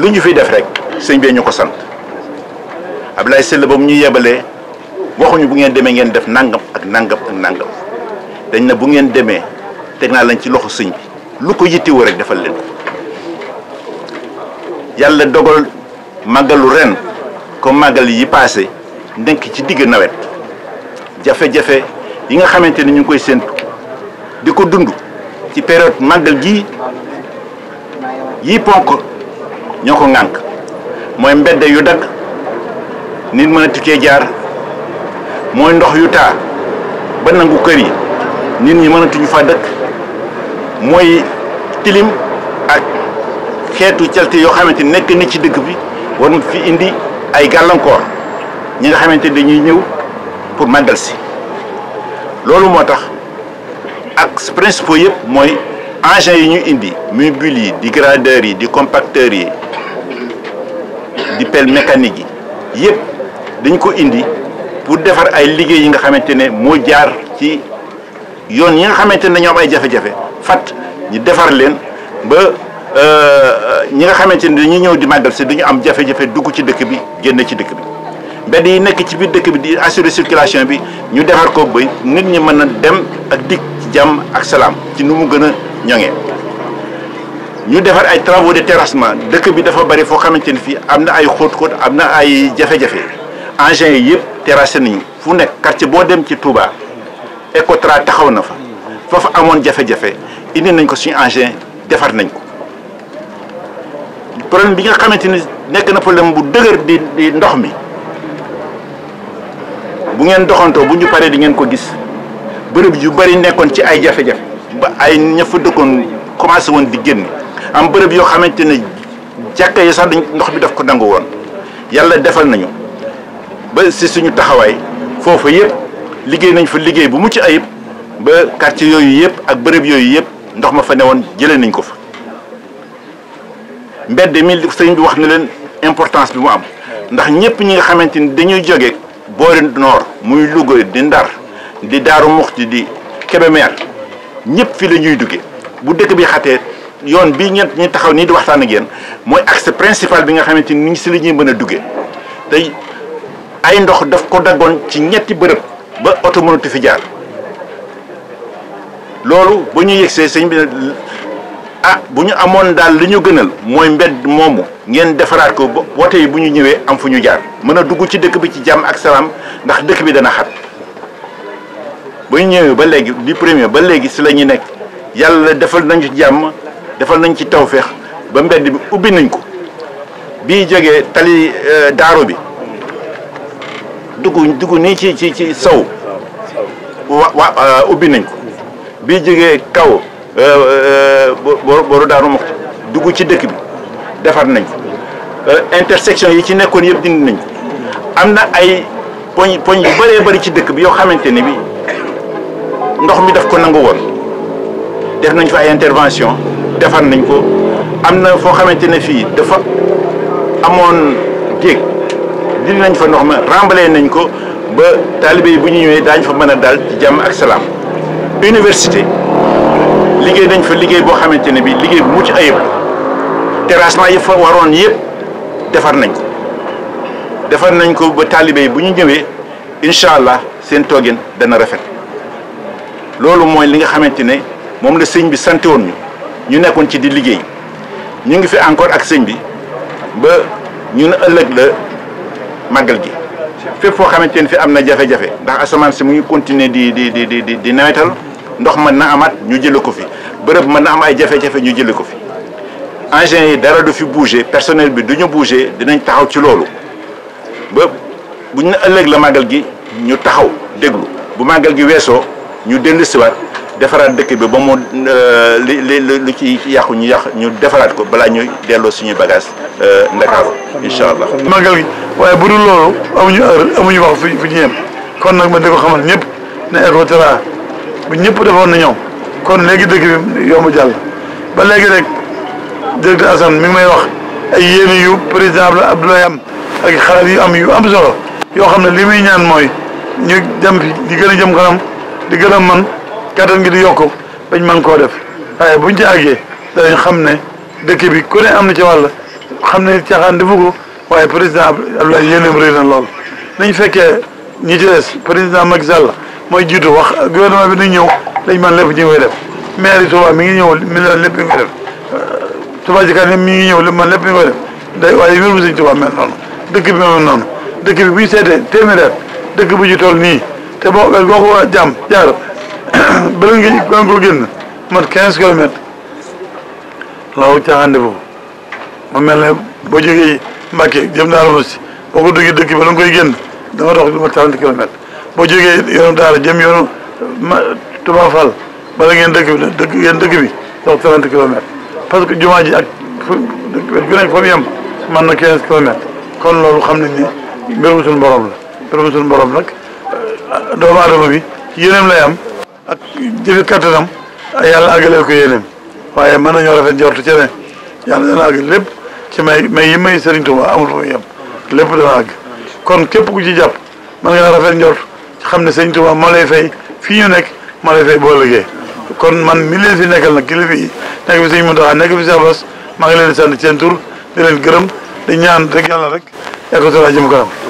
lu ñu fi def rek sëñ bee ñu ko sant ab lay ba mu ñu yebalee waxuñu bu ngeen demee ngeen def nangam ak nangam ak nangam dañ na bu ngeen demee teg naa lañ ci loxo sëñ bi lu ko yittewoo rek defal leen yàlla dogal màggalu ren ko màggal yi passé nekk ci digg nawet jafe-jafe yi nga xamante ni ñu ngi koy séentu di ko dund ci période màggal gii yi ponk ñoo ko ŋànk mooy mbedd yu dagg nit mën a jaar mooy ndox yu taa ba nangu kër yi nit ñi mënatuñu fa dëkk mooy tilim ak xeetu calte yoo xamante nekk na ci dëkk bi war na fi indi ay gàllankoor ñi nga xamante dañuy ñëw pour màggal si loolu moo tax ak principaux yëpp mooy engins yi ñu indi muy bulles yi di gradeurs yi di compacteurs yi di pelle mécanique yi yëpp dañ ko indi pour defar ay liggéey yi nga xamante ne moo jaar ci yoon yi nga xamante ne dañoo am ay jafe-jafe fat ñu defar leen ba euh, ñi nga xamante ne dañuy ñëw di màggal si duñu am jafe-jafe dugg ci dëkk bi génn ci dëkk bi mbedd yi nekk ci biir dëkk bi di assurer circulation bi ñu defar ko ba nit ñi mën a dem ak dikk ci jàmm ak salaam ci nu mu gën a ñoŋee ñu defar ay travaux de terrassement dëkk bi dafa bari foo xamante ni fii am na ay xóot-xóot am na ay jafe-jafe engins yi yëpp terrassé nañu fu nekk quartier boo dem ci Touba Ecotra taxaw na fa foofu amoon jafe-jafe indi nañ ko suñu engin defar nañ ko problème bi nga xamante ni nekk na problème bu dëgër di di ndox mi bu ngeen doxantoo bu ñu paree di ngeen ko gis bërëb yu bari nekkoon ci ay jafe-jafe ba ay ña dëkkoon commencé woon di génn. am bërëb yoo xamante ne jàkka yi sax dañ ndox mi def ko nangu woon yàlla defal nañu ba si suñu taxawaay foofu yëpp liggéey nañ fa liggéey bu mucc ayib ba quartier yooyu yëpp ak bërëb yooyu yëpp ndox ma fa ne woon jëlee nañ ko fa mbedd mi sëñ bi wax na leen importance bi mu am ndax ñëpp ñi nga xamante ni dañuy jóge boori noor muy Louga di Ndar di Daaru Muxti di Kébémer ñëpp fi la ñuy duggee bu dëkk bi xatee yoon bii ngeen ñu taxaw nii di waxtaan a yéen mooy axe principal bi nga xamante ni si la ñuy mën a duggee tey ay ndox daf ko daggoon ci ñetti bërëb ba oto mënatu fi jaar loolu ba ñu yegsee sëñ bi ah bu ñu amoon daal li ñu gënal mooy mbedd moomu ngeen defaraat ko ba wote yi bu ñu ñëwee am fu ñu jaar mën a dugg ci dëkk bi ci jàmm ak salaam ndax dëkk bi dana xat ba ñu ñëwee ba léegi di premier ba léegi si la ñuy nekk yàlla defal nañu jàmm defal nañ ci tawféex ba mbedd bi ubbi nañ ko bi jóge tali euh, daaro bi dugg dugg ni ci ci ci sow wa euh, ubbi nañ ko bi jóge kaw euh, boru daaru moxti dugg ci dëkk bi defar nañ ko intersection yi ci nekkoon yëpp dindi nañ am na ay poñ poñ yu bëree bëri ci dëkk bi yoo xamante ni bi ndox mi daf ko nangu woon def nañ fa ay intervention defar nañ ko am na foo xamante ne fii dafa amoon géej dindi nañ fa ndox ma rembalé nañ ko ba taalibe yi bu ñu ñëwee daañ fa mën a daal ci jàmm ak salaam université liggéey nañ fa liggéey boo xamante ne bi liggéey bu ci ayib terrassement yi fa waroon yëpp defar nañ ko defar nañ ko ba taalibe bu ñu ñëwee incha allah seen toogin dana rafet loolu mooy li nga xamante ne moom la sëñ bi sante woon ñu ñu nekkoon ci di liggéey ñu ngi fi encore ak sëñ bi ba ñu ëllëg la màggal gi fépp foo xamante ni fi am na jafe-jafe ndax asamaan si mu ngi continuer di di di di di nawetal ndox mën na amaat ñu jële ko fi bërëb mën na am ay jafe-jafe ñu jële ko fi engins yi dara du fi bouger personnel bi du ñu bouger dinañ taxaw ci loolu ba bu ñu ne ëllëg la màggal gi ñu taxaw déglu bu màggal gi weesoo ñu dellu siwaat defaraat dëkk bi ba mu euh, li li lu ci yàqu ñu yàq ñu defaraat ko balaa ñu delloo suñu bagage euh, Ndakaaru incha allah. màggal gi waaye bu dul loolu amuñu heure amuñu wax fi fi ñu yem kon nag ma di ko xamal ñëpp ne Ecotra bu ñëpp defoon na ñëw kon léegi dëkk bi yomb jàll ba léegi rek directeur Assane mi ngi may wax ay yéene yu président Abdoulaye am ak xalaat yu am yu am solo yoo xam ne li muy ñaan mooy ñu dem fi di gën a jëm kanam di gën a man kattan ngi di yokk bañ man koo def waaye buñ ci àggee danañ xam ne dëkk bi ku ne am na ci wàll xam ne caaxaan defu ko waaye président Abdoulaye yéeneem rëy na lool. nañ fekkee ñi ci des président Macky Sall mooy jiitu wax gouvernement bi nañ ñëw dañ mën lépp ñu koy def maire yi Touba mi ngi ñëw million lépp mi ngi koy def euh, Touba ji kan mi ngi ñëw lépp man lépp mi ngi koy def day waaye wér mu sëñ Touba mel noonu dëkk bi mel noonu dëkk bi bu ñu seetee téeméer ñu toll nii te boo boo ko jàmm jaar bala ngi bala nga ko génn mat quinze kilomètres la wut caaxaan foofu mel ne boo jógee Mbacke jëm Daara Moussi boo ko duggee dëkk bi bala nga koy génn da nga boo jógee yoonu Daara ma Touba Fall bala ngeen dëkk bi dëkk ngeen dëkk dox trente kilomètres parce que jumaa ji ak fu fu nekk fa mu mën na quinze kilomètres kon loolu xam nañ ne mbirum suñu borom la mbirum suñu borom nag euh, doomu aadama bi yéenam lay am. ak jëfi kattanam ak yàlla àggalee ko yéeneem waaye mën nañoo rafet njortu ca ne yàlla dana àgg lépp ci may may yi may Sëriñ Tuubaa amul fu muy yem lépp dana àgg kon képp ku ci jàpp mën nga rafet njort xam ne Sëriñ Tuubaa moo lay fay fii ñu nekk moo lay fay boo liggéey kon man mi leen fi nekkal nag kilifa yi nekk fi Sëriñ Muntaxa nekk fi Sëriñ maa ngi leen di sant seen tur di leen gërëm di ñaan rek yàlla rek Ecotra jëm kanam